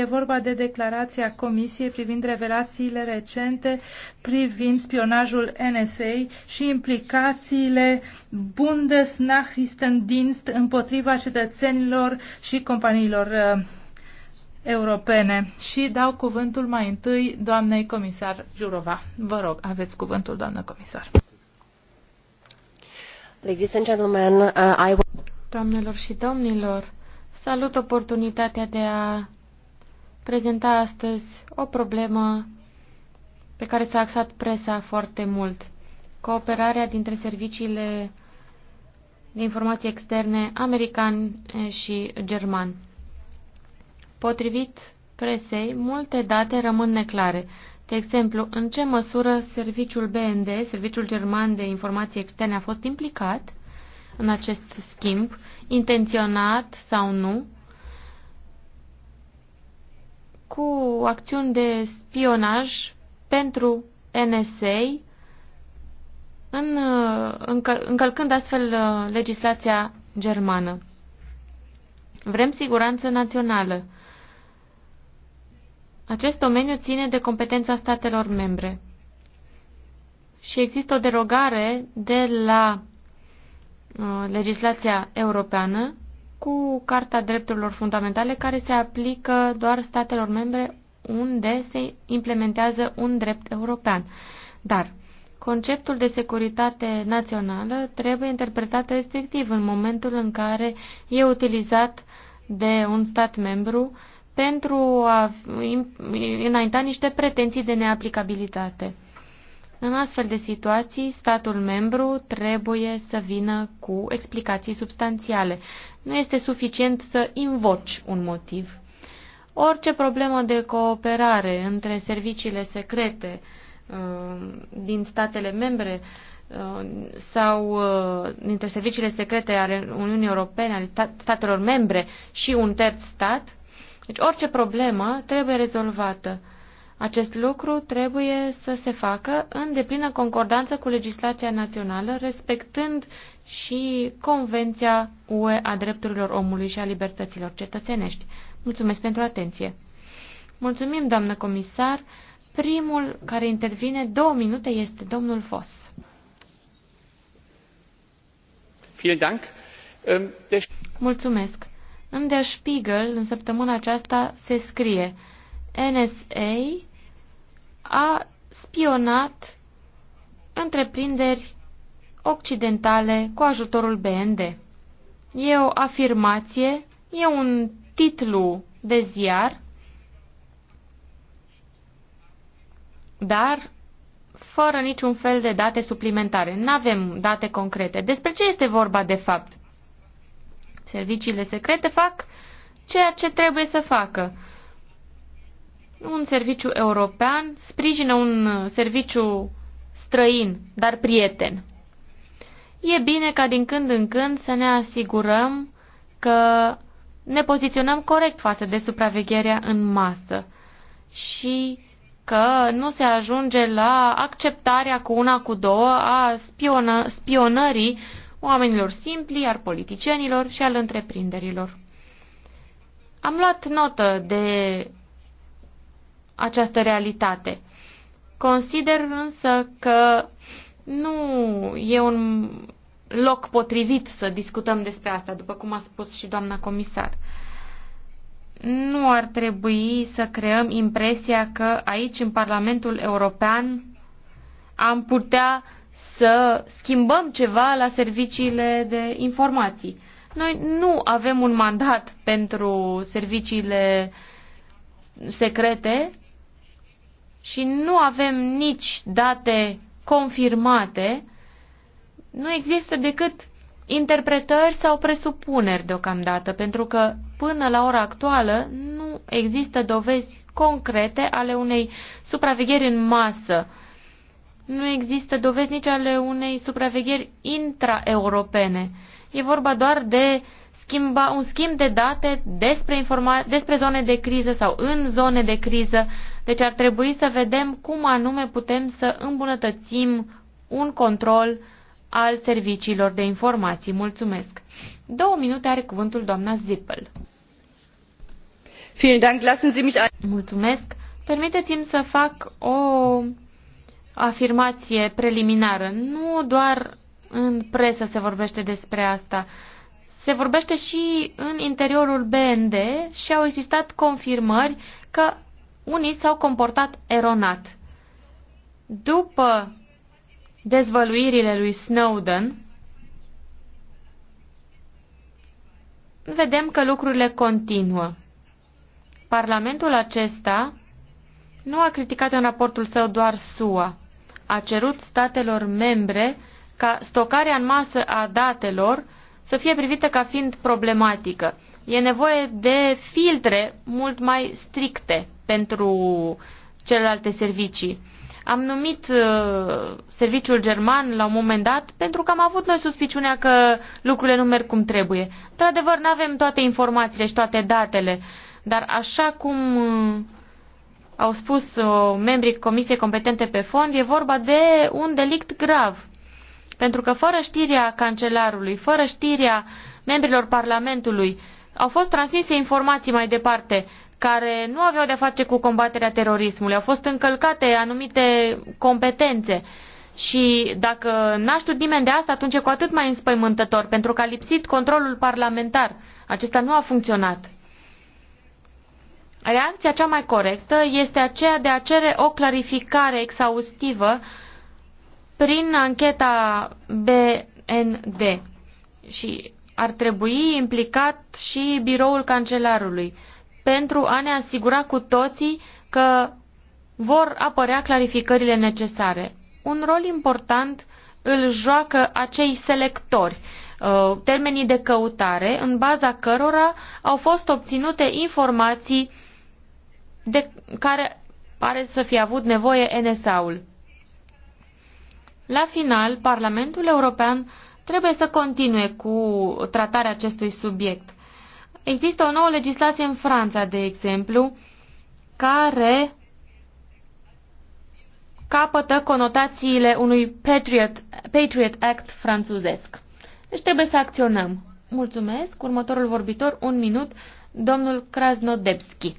E vorba de declarația Comisiei privind revelațiile recente privind spionajul NSA și implicațiile Bundesnachrichtendienst împotriva cetățenilor și companiilor uh, europene. Și dau cuvântul mai întâi doamnei comisar Jurova. Vă rog, aveți cuvântul, doamnă comisar. Ladies and gentlemen, uh, I... Doamnelor și domnilor, salut oportunitatea de a prezenta astăzi o problemă pe care s-a axat presa foarte mult. Cooperarea dintre serviciile de informații externe american eh, și german. Potrivit presei, multe date rămân neclare. De exemplu, în ce măsură serviciul BND, Serviciul German de Informații Externe, a fost implicat în acest schimb, intenționat sau nu, cu acțiuni de spionaj pentru NSA, în, încă, încălcând astfel uh, legislația germană. Vrem siguranță națională. Acest domeniu ține de competența statelor membre. Și există o derogare de la uh, legislația europeană cu Carta Drepturilor Fundamentale care se aplică doar statelor membre unde se implementează un drept european. Dar conceptul de securitate națională trebuie interpretat restrictiv în momentul în care e utilizat de un stat membru pentru a înainta niște pretenții de neaplicabilitate. În astfel de situații, statul membru trebuie să vină cu explicații substanțiale. Nu este suficient să invoci un motiv. Orice problemă de cooperare între serviciile secrete uh, din statele membre uh, sau uh, dintre serviciile secrete ale Uniunii Europene, ale statelor membre și un terț stat, deci orice problemă trebuie rezolvată acest lucru trebuie să se facă în deplină concordanță cu legislația națională, respectând și Convenția UE a drepturilor omului și a libertăților cetățenești. Mulțumesc pentru atenție. Mulțumim, doamnă comisar. Primul care intervine două minute este domnul Foss. Ähm, Mulțumesc. În Der Spiegel, în săptămâna aceasta, se scrie NSA a spionat întreprinderi occidentale cu ajutorul BND. E o afirmație, e un titlu de ziar, dar fără niciun fel de date suplimentare. Nu avem date concrete. Despre ce este vorba de fapt? Serviciile secrete fac ceea ce trebuie să facă un serviciu european sprijină un serviciu străin, dar prieten. E bine ca din când în când să ne asigurăm că ne poziționăm corect față de supravegherea în masă și că nu se ajunge la acceptarea cu una cu două a spionă, spionării oamenilor simpli, al politicienilor și al întreprinderilor. Am luat notă de această realitate. Consider însă că nu e un loc potrivit să discutăm despre asta, după cum a spus și doamna comisar. Nu ar trebui să creăm impresia că aici, în Parlamentul European, am putea să schimbăm ceva la serviciile de informații. Noi nu avem un mandat pentru serviciile secrete, și nu avem nici date confirmate, nu există decât interpretări sau presupuneri deocamdată, pentru că până la ora actuală nu există dovezi concrete ale unei supravegheri în masă. Nu există dovezi nici ale unei supravegheri intraeuropene. E vorba doar de schimba, un schimb de date despre, informa- despre zone de criză sau în zone de criză, deci ar trebui să vedem cum anume putem să îmbunătățim un control al serviciilor de informații. Mulțumesc. Două minute are cuvântul doamna Zippel. Mulțumesc. Permiteți-mi să fac o afirmație preliminară. Nu doar în presă se vorbește despre asta. Se vorbește și în interiorul BND și au existat confirmări că unii s-au comportat eronat. După dezvăluirile lui Snowden, vedem că lucrurile continuă. Parlamentul acesta nu a criticat în raportul său doar SUA. A cerut statelor membre ca stocarea în masă a datelor să fie privită ca fiind problematică. E nevoie de filtre mult mai stricte pentru celelalte servicii. Am numit uh, serviciul german la un moment dat pentru că am avut noi suspiciunea că lucrurile nu merg cum trebuie. Într-adevăr, nu avem toate informațiile și toate datele, dar așa cum uh, au spus uh, membrii Comisiei Competente pe Fond, e vorba de un delict grav. Pentru că fără știrea cancelarului, fără știrea membrilor Parlamentului, au fost transmise informații mai departe care nu aveau de-a face cu combaterea terorismului. Au fost încălcate anumite competențe. Și dacă n-a știut nimeni de asta, atunci e cu atât mai înspăimântător, pentru că a lipsit controlul parlamentar. Acesta nu a funcționat. Reacția cea mai corectă este aceea de a cere o clarificare exhaustivă prin ancheta BND și ar trebui implicat și biroul cancelarului pentru a ne asigura cu toții că vor apărea clarificările necesare. Un rol important îl joacă acei selectori, uh, termenii de căutare, în baza cărora au fost obținute informații de care pare să fie avut nevoie NSA-ul. La final, Parlamentul European trebuie să continue cu tratarea acestui subiect. Există o nouă legislație în Franța, de exemplu, care capătă conotațiile unui Patriot, Patriot Act franțuzesc. Deci trebuie să acționăm. Mulțumesc. Următorul vorbitor, un minut, domnul Krasnodebski.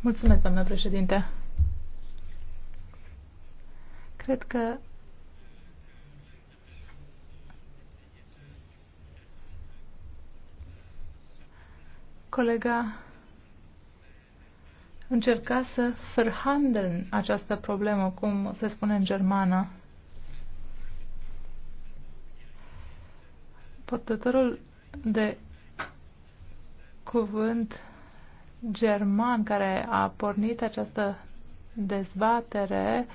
Mulțumesc, doamnă președinte. Cred că Colega încerca să verhandeln această problemă, cum se spune în germană. Portătorul de cuvânt german care a pornit această dezbatere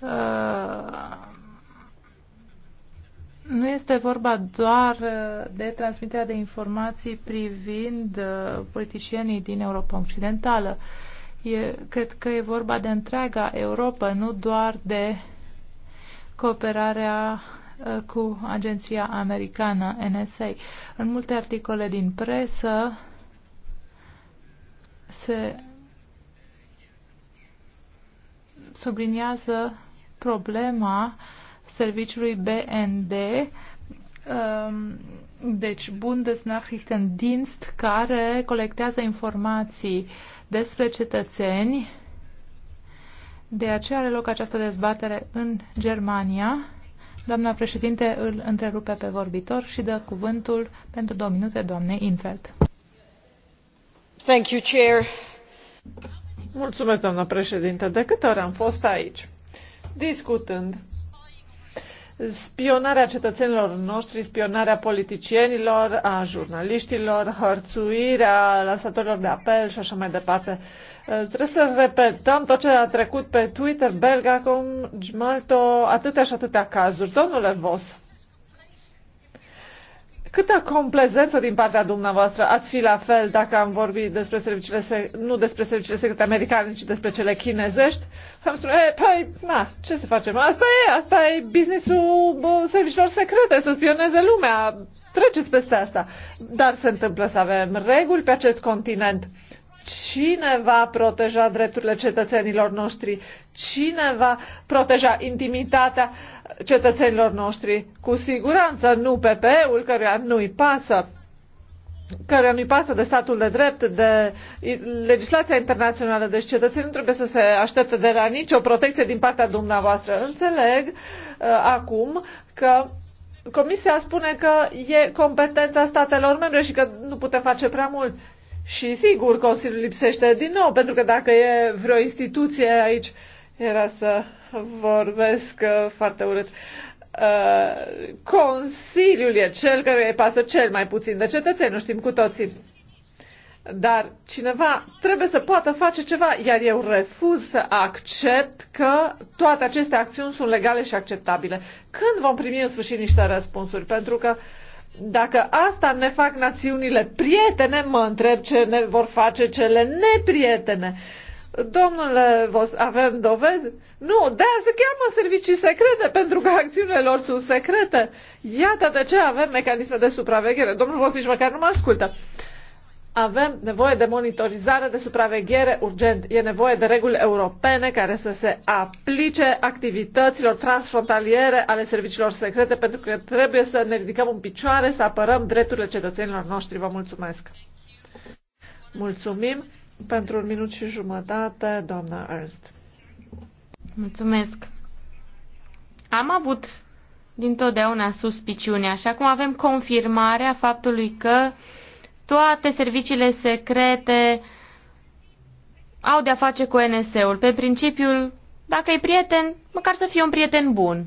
uh, nu este vorba doar uh, de transmiterea de informații privind uh, politicienii din Europa Occidentală. E, cred că e vorba de întreaga Europa, nu doar de cooperarea uh, cu agenția americană NSA. În multe articole din presă se subliniază problema uh, serviciului BND, um, deci Bundesnachrichtendienst, care colectează informații despre cetățeni. De aceea are loc această dezbatere în Germania. Doamna președinte îl întrerupe pe vorbitor și dă cuvântul pentru două minute doamnei Infeld. Thank you, Chair. Mulțumesc, doamna președinte. De câte ori am fost aici, discutând spionarea cetățenilor noștri, spionarea politicienilor, a jurnaliștilor, hărțuirea lansatorilor de apel și așa mai departe. Uh, trebuie să repetăm tot ce a trecut pe Twitter, Belga, cum Gmalto, atâtea și atâtea cazuri. Domnule Vos, Câtă complezență din partea dumneavoastră ați fi la fel dacă am vorbit despre serviciile, nu despre serviciile secrete americane, ci despre cele chinezești? Am spus, e, eh, păi, na, ce să facem? Asta e, asta e businessul serviciilor secrete, să spioneze lumea. Treceți peste asta. Dar se întâmplă să avem reguli pe acest continent. Cine va proteja drepturile cetățenilor noștri? Cine va proteja intimitatea cetățenilor noștri? Cu siguranță nu PP-ul, căruia nu-i pasă căruia nu-i pasă de statul de drept, de legislația internațională. Deci cetățenii nu trebuie să se aștepte de la nicio protecție din partea dumneavoastră. Înțeleg uh, acum că Comisia spune că e competența statelor membre și că nu putem face prea mult. Și sigur, Consiliul lipsește din nou, pentru că dacă e vreo instituție aici, era să vorbesc uh, foarte urât. Uh, Consiliul e cel care îi pasă cel mai puțin de cetățeni, nu știm cu toții. Dar cineva trebuie să poată face ceva, iar eu refuz să accept că toate aceste acțiuni sunt legale și acceptabile. Când vom primi în sfârșit niște răspunsuri? Pentru că uh, dacă asta ne fac națiunile prietene, mă întreb ce ne vor face cele neprietene. Domnule avem dovezi? Nu, de aia se cheamă servicii secrete, pentru că acțiunile lor sunt secrete. Iată de ce avem mecanisme de supraveghere. Domnul Vos nici măcar nu mă ascultă. Uh, avem nevoie de monitorizare, de supraveghere urgent. E nevoie de reguli europene care să se aplice activităților transfrontaliere ale serviciilor secrete, pentru că trebuie să ne ridicăm în picioare, să apărăm drepturile cetățenilor noștri. Vă mulțumesc! Mulțumim pentru un minut și jumătate, doamna Ernst. Mulțumesc. Am avut dintotdeauna suspiciune, așa cum avem confirmarea faptului că toate serviciile secrete au de-a face cu nse ul pe principiul, dacă e prieten, măcar să fie un prieten bun.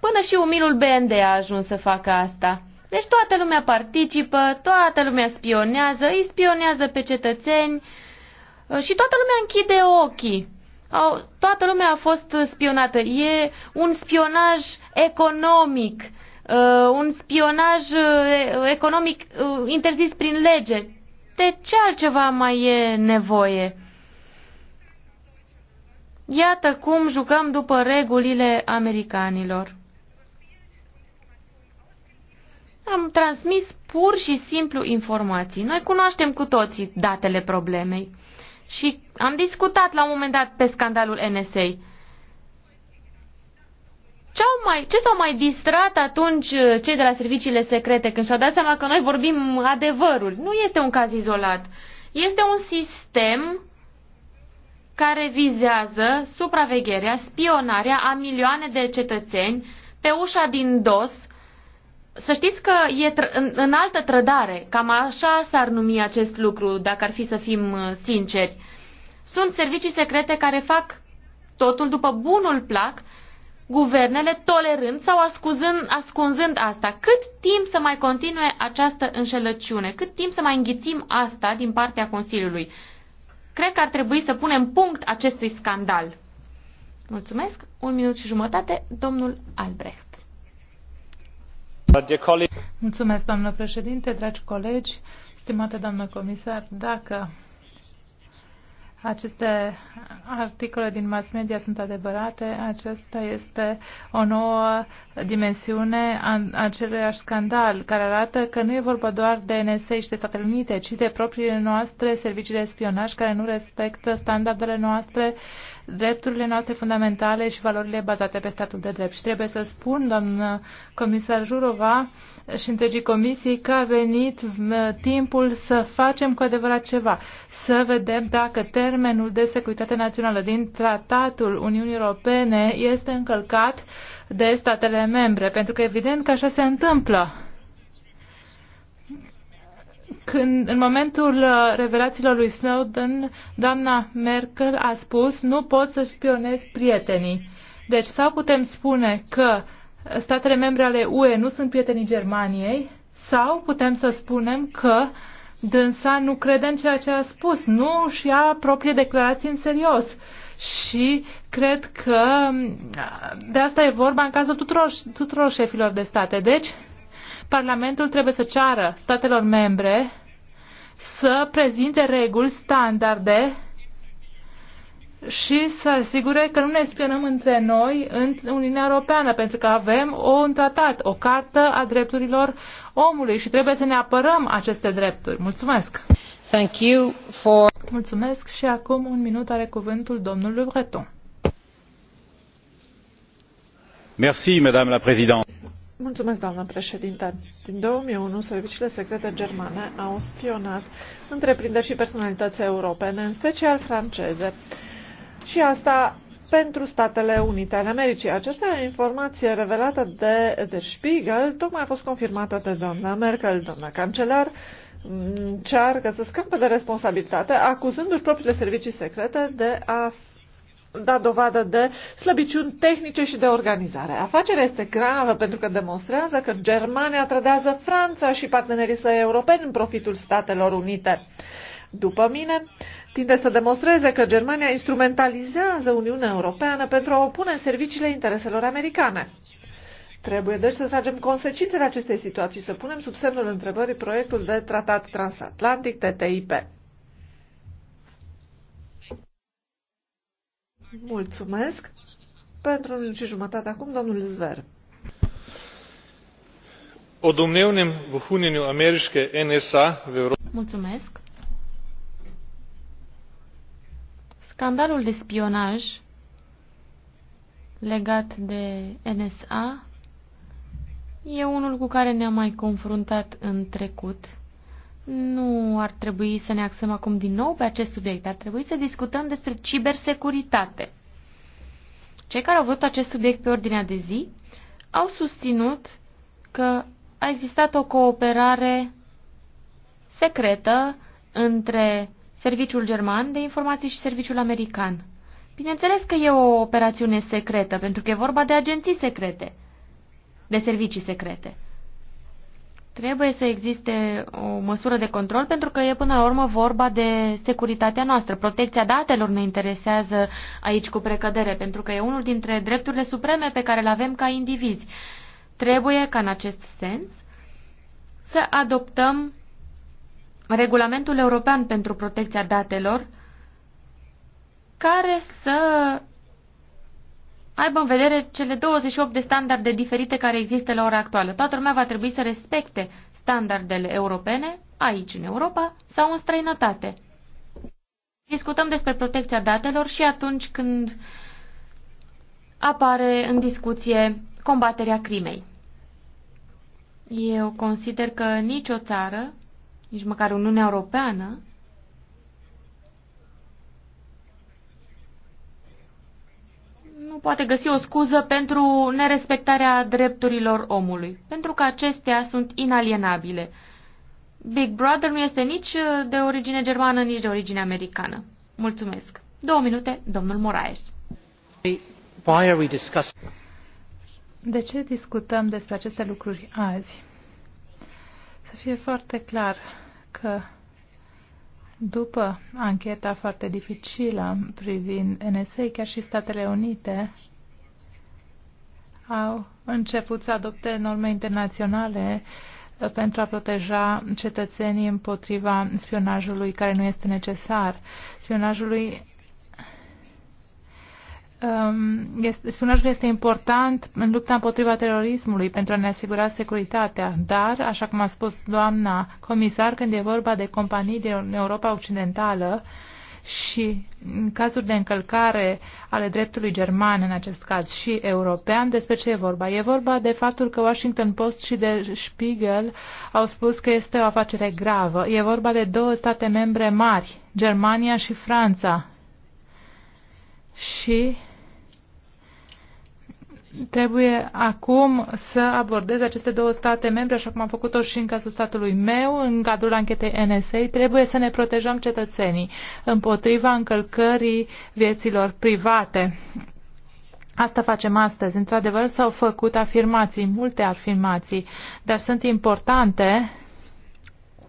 Până și umilul BND a ajuns să facă asta. Deci toată lumea participă, toată lumea spionează, îi spionează pe cetățeni uh, și toată lumea închide ochii. toată lumea a fost spionată. E un spionaj economic Uh, un spionaj uh, economic uh, interzis prin lege. De ce altceva mai e nevoie? Iată cum jucăm după regulile americanilor. Am transmis pur și simplu informații. Noi cunoaștem cu toții datele problemei. Și am discutat la un moment dat pe scandalul NSA. Ce, au mai, ce s-au mai distrat atunci uh, cei de la serviciile secrete când și-au dat seama că noi vorbim adevărul? Nu este un caz izolat. Este un sistem care vizează supravegherea, spionarea a milioane de cetățeni pe ușa din dos. Să știți că e tr- în, în altă trădare, cam așa s-ar numi acest lucru, dacă ar fi să fim uh, sinceri. Sunt servicii secrete care fac totul după bunul plac guvernele tolerând sau ascuzând, ascunzând asta. Cât timp să mai continue această înșelăciune? Cât timp să mai înghițim asta din partea Consiliului? Cred că ar trebui să punem punct acestui scandal. Mulțumesc. Un minut și jumătate, domnul Albrecht. Mulțumesc, doamnă președinte, dragi colegi, stimate doamnă comisar. Dacă aceste articole din mass media sunt adevărate. Aceasta este o nouă dimensiune a aceluiași scandal, care arată că nu e vorba doar de NSA și de Statele Unite, ci de propriile noastre servicii de spionaj care nu respectă standardele noastre drepturile noastre fundamentale și valorile bazate pe statul de drept. Și trebuie să spun, doamnă comisar Jurova și întregii comisii, că a venit timpul să facem cu adevărat ceva, să vedem dacă termenul de securitate națională din Tratatul Uniunii Europene este încălcat de statele membre, pentru că evident că așa se întâmplă când, în momentul uh, revelațiilor lui Snowden, doamna Merkel a spus nu pot să spionez prietenii. Deci sau putem spune că statele membre ale UE nu sunt prietenii Germaniei, sau putem să spunem că dânsa nu crede în ceea ce a spus, nu și ia proprie declarații în serios. Și cred că uh, de asta e vorba în cazul tuturor, tuturor șefilor de state. Deci, Parlamentul trebuie să ceară statelor membre să prezinte reguli, standarde și să asigure că nu ne spionăm între noi în Uniunea Europeană, pentru că avem o, un tratat, o cartă a drepturilor omului și trebuie să ne apărăm aceste drepturi. Mulțumesc! Thank you for... Mulțumesc și acum un minut are cuvântul domnul Breton. Merci, Madame la Présidente. Mulțumesc, doamnă președinte. Din 2001, serviciile secrete germane au spionat întreprinderi și personalități europene, în special franceze, și asta pentru Statele Unite ale Americii. Aceasta informație revelată de Der Spiegel tocmai a fost confirmată de doamna Merkel, doamna cancelar, încearcă să scape de responsabilitate, acuzându-și propriile servicii secrete de a dat dovadă de slăbiciuni tehnice și de organizare. Afacerea este gravă pentru că demonstrează că Germania trădează Franța și partenerii săi europeni în profitul Statelor Unite. După mine, tinde să demonstreze că Germania instrumentalizează Uniunea Europeană pentru a opune în serviciile intereselor americane. Trebuie deci să tragem consecințele acestei situații și să punem sub semnul întrebării proiectul de tratat transatlantic TTIP. Mulțumesc. Pentru un și jumătate acum, domnul Zver. O domnevnem vohunjenju americke NSA v Europa. Mulțumesc. Scandalul de spionaj legat de NSA e unul cu care ne-am mai confruntat în trecut nu ar trebui să ne axăm acum din nou pe acest subiect, ar trebui să discutăm despre cibersecuritate. Cei care au văzut acest subiect pe ordinea de zi au susținut că a existat o cooperare secretă între Serviciul German de Informații și Serviciul American. Bineînțeles că e o operațiune secretă, pentru că e vorba de agenții secrete, de servicii secrete. Trebuie să existe o măsură de control pentru că e până la urmă vorba de securitatea noastră. Protecția datelor ne interesează aici cu precădere pentru că e unul dintre drepturile supreme pe care le avem ca indivizi. Trebuie ca în acest sens să adoptăm regulamentul european pentru protecția datelor care să aibă în vedere cele 28 de standarde diferite care există la ora actuală. Toată lumea va trebui să respecte standardele europene, aici în Europa sau în străinătate. Discutăm despre protecția datelor și atunci când apare în discuție combaterea crimei. Eu consider că nicio țară, nici măcar Uniunea Europeană, nu poate găsi o scuză pentru nerespectarea drepturilor omului, pentru că acestea sunt inalienabile. Big Brother nu este nici de origine germană, nici de origine americană. Mulțumesc. Două minute, domnul Moraes. Why are we discussing... De ce discutăm despre aceste lucruri azi? Să fie foarte clar că după ancheta foarte dificilă privind NSA, chiar și Statele Unite au început să adopte norme internaționale uh, pentru a proteja cetățenii împotriva spionajului care nu este necesar, spionajului Um, este, spionajul este important în lupta împotriva terorismului pentru a ne asigura securitatea, dar, așa cum a spus doamna comisar, când e vorba de companii din Europa Occidentală și în cazuri de încălcare ale dreptului german, în acest caz și european, despre ce e vorba? E vorba de faptul că Washington Post și de Spiegel au spus că este o afacere gravă. E vorba de două state membre mari, Germania și Franța. Și Trebuie acum să abordez aceste două state membre, așa cum am făcut-o și în cazul statului meu, în cadrul anchetei NSA. Trebuie să ne protejăm cetățenii împotriva încălcării vieților private. Asta facem astăzi. Într-adevăr, s-au făcut afirmații, multe afirmații, dar sunt importante,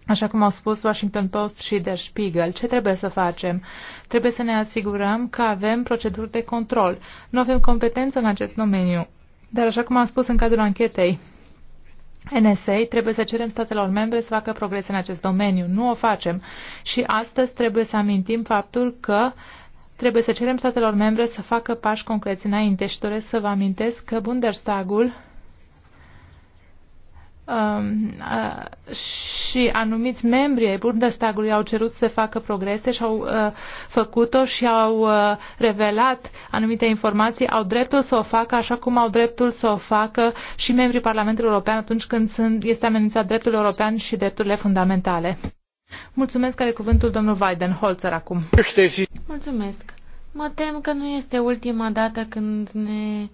așa cum au spus Washington Post și Der Spiegel. Ce trebuie să facem? Trebuie să ne asigurăm că avem proceduri de control. Nu avem competență în acest domeniu. Dar așa cum am spus în cadrul anchetei NSA, trebuie să cerem statelor membre să facă progrese în acest domeniu. Nu o facem. Și astăzi trebuie să amintim faptul că trebuie să cerem statelor membre să facă pași concreți înainte și doresc să vă amintesc că Bundestagul Um, uh, și anumiți membri ai Bundestagului au cerut să facă progrese și au uh, făcut-o și au uh, revelat anumite informații, au dreptul să o facă așa cum au dreptul să o facă și membrii Parlamentului European atunci când sunt, este amenințat dreptul european și drepturile fundamentale. Mulțumesc, care cuvântul domnul Weidenholzer acum. Mulțumesc. Mă tem că nu este ultima dată când ne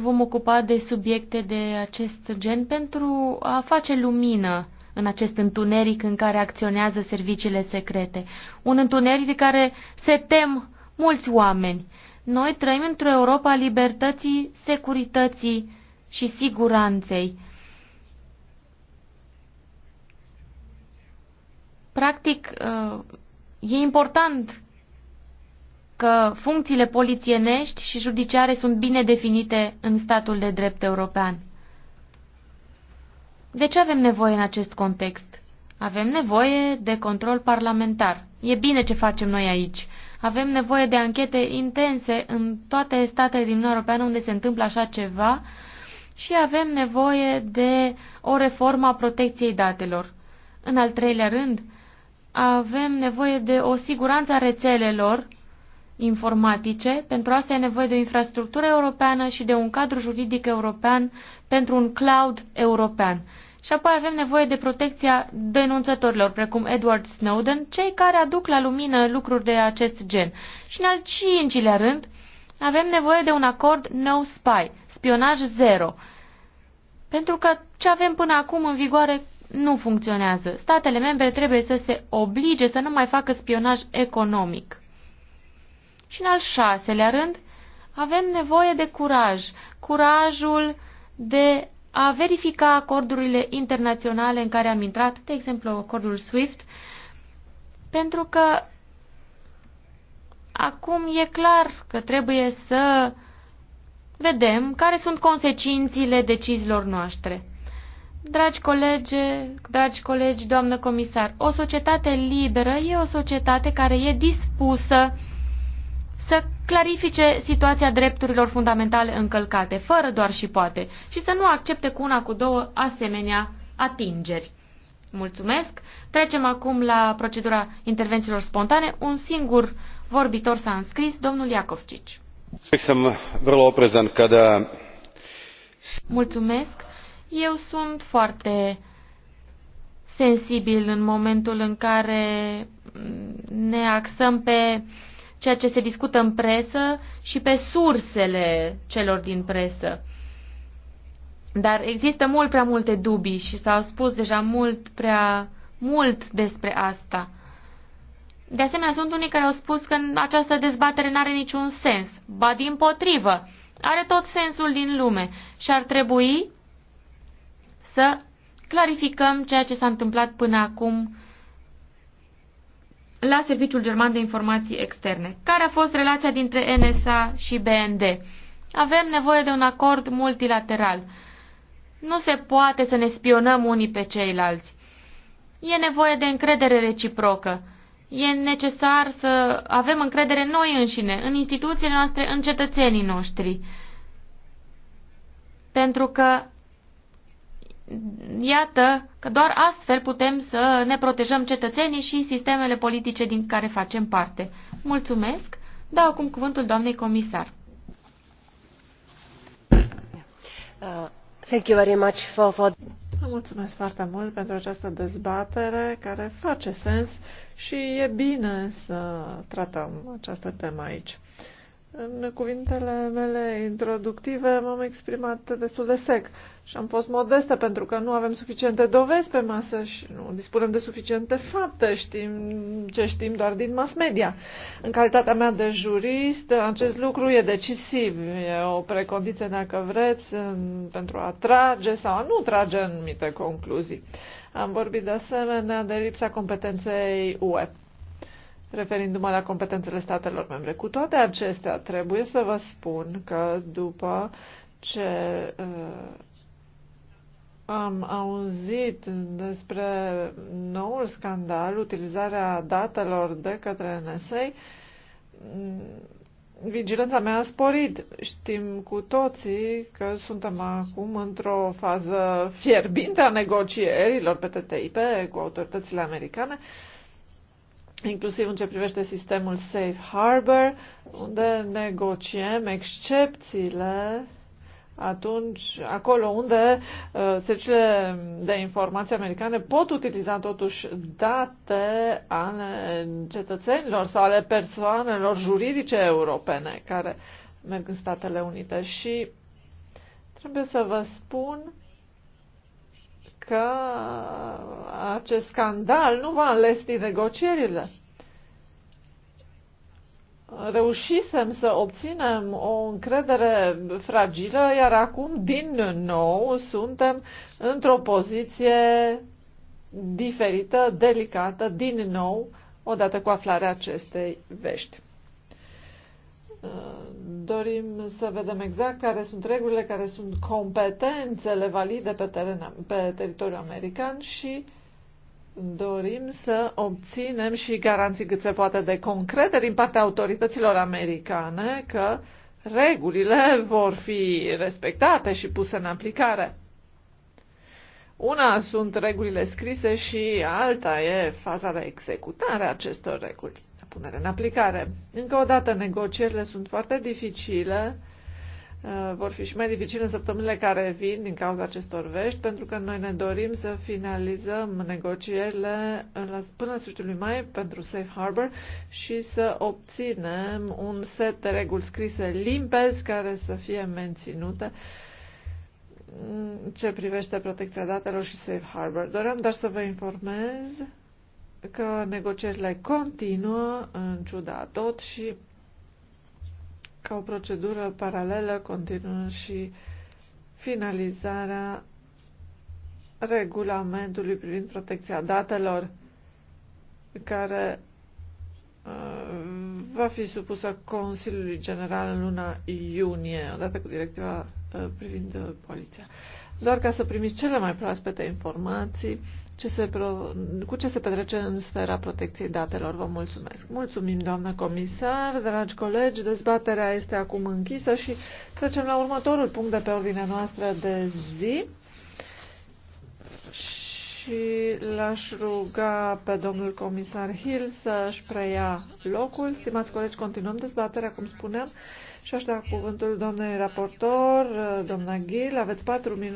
vom ocupa de subiecte de acest gen pentru a face lumină în acest întuneric în care acționează serviciile secrete. Un întuneric de care se tem mulți oameni. Noi trăim într-o Europa a libertății, securității și siguranței. Practic, uh, e important că funcțiile polițienești și judiciare sunt bine definite în statul de drept european. De ce avem nevoie în acest context? Avem nevoie de control parlamentar. E bine ce facem noi aici. Avem nevoie de anchete intense în toate statele din Uniunea Europeană unde se întâmplă așa ceva și avem nevoie de o reformă a protecției datelor. În al treilea rând, avem nevoie de o siguranță a rețelelor informatice. Pentru asta e nevoie de o infrastructură europeană și de un cadru juridic european pentru un cloud european. Și apoi avem nevoie de protecția denunțătorilor, precum Edward Snowden, cei care aduc la lumină lucruri de acest gen. Și în al cincilea rând, avem nevoie de un acord no spy, spionaj zero. Pentru că ce avem până acum în vigoare nu funcționează. Statele membre trebuie să se oblige să nu mai facă spionaj economic. Și în al șaselea rând, avem nevoie de curaj. Curajul de a verifica acordurile internaționale în care am intrat, de exemplu acordul SWIFT, pentru că acum e clar că trebuie să vedem care sunt consecințele deciziilor noastre. Dragi colegi, dragi colegi, doamnă comisar, o societate liberă e o societate care e dispusă să clarifice situația drepturilor fundamentale încălcate, fără doar și poate, și să nu accepte cu una cu două asemenea atingeri. Mulțumesc. Trecem acum la procedura intervențiilor spontane. Un singur vorbitor s-a înscris, domnul Iacovcici. Mulțumesc. Eu sunt foarte sensibil în momentul în care ne axăm pe uh, ceea ce se discută în presă și pe sursele celor din presă. Dar există mult prea multe dubii și s-au spus deja mult prea mult despre asta. De asemenea, sunt unii care au spus că această dezbatere nu are niciun sens. Ba din potrivă, are tot sensul din lume și ar trebui să clarificăm ceea ce s-a întâmplat până acum la Serviciul German de Informații Externe. Care a fost relația dintre NSA și BND? Avem nevoie de un acord multilateral. Nu se poate să ne spionăm unii pe ceilalți. E nevoie de încredere reciprocă. E necesar să avem încredere noi înșine, în instituțiile noastre, în cetățenii noștri. Pentru că Iată că doar astfel putem să ne protejăm cetățenii și sistemele politice din care facem parte. Mulțumesc. Dau acum cuvântul doamnei comisar. thank you very much for, for... Mulțumesc foarte mult pentru această dezbatere care face sens și e bine să tratăm această temă aici. În cuvintele mele introductive m-am exprimat destul de sec și am fost modestă pentru că nu avem suficiente dovezi pe masă și nu dispunem de suficiente fapte, știm ce știm doar din mass media. În calitatea mea de jurist, acest lucru e decisiv, e o precondiție dacă vreți pentru a trage sau a nu trage anumite concluzii. Am vorbit de asemenea de lipsa competenței UE referindu-mă la competențele statelor membre. Cu toate acestea, trebuie să vă spun că după ce uh, am auzit despre noul scandal, utilizarea datelor de către NSA, mm, vigilența mea a sporit. Știm cu toții că suntem acum într-o fază fierbinte a negocierilor pe TTIP cu autoritățile americane. Uh, inclusiv în ce privește sistemul Safe Harbor, unde negociem excepțiile atunci, acolo unde uh, serviciile de informații americane pot utiliza totuși date ale cetățenilor sau ale persoanelor juridice europene care merg în Statele Unite. Și trebuie să vă spun că acest scandal nu va înlesti negocierile. Reușisem să obținem o încredere fragilă, iar acum, din nou, suntem într-o poziție diferită, delicată, din nou, odată cu aflarea acestei vești. Dorim să vedem exact care sunt regulile, care sunt competențele valide pe, teren, pe teritoriul american și dorim să obținem și garanții cât se poate de concrete din partea autorităților americane că regulile vor fi respectate și puse în aplicare. Una sunt regulile scrise și alta e faza de executare a acestor reguli punere în aplicare. Încă o dată, negocierile sunt foarte dificile, uh, vor fi și mai dificile în săptămânile care vin din cauza acestor vești, pentru că noi ne dorim să finalizăm negocierile până la sfârșitul lui mai pentru Safe Harbor și să obținem un set de reguli scrise limpezi care să fie menținute ce privește protecția datelor și Safe Harbor. Doream doar să vă informez că negocierile continuă în ciuda tot și ca o procedură paralelă continuă și finalizarea regulamentului privind protecția datelor care uh, va fi supusă Consiliului General în luna iunie, odată cu directiva uh, privind uh, poliția. Doar ca să primiți cele mai proaspete informații, ce se pro... cu ce se petrece în sfera protecției datelor. Vă mulțumesc. Mulțumim, doamna comisar, dragi colegi. Dezbaterea este acum închisă și trecem la următorul punct de pe ordinea noastră de zi. Și l-aș ruga pe domnul comisar Hill să-și preia locul. Stimați colegi, continuăm dezbaterea, cum spuneam, și aș da cuvântul domnului raportor, doamna Gil, Aveți patru minute.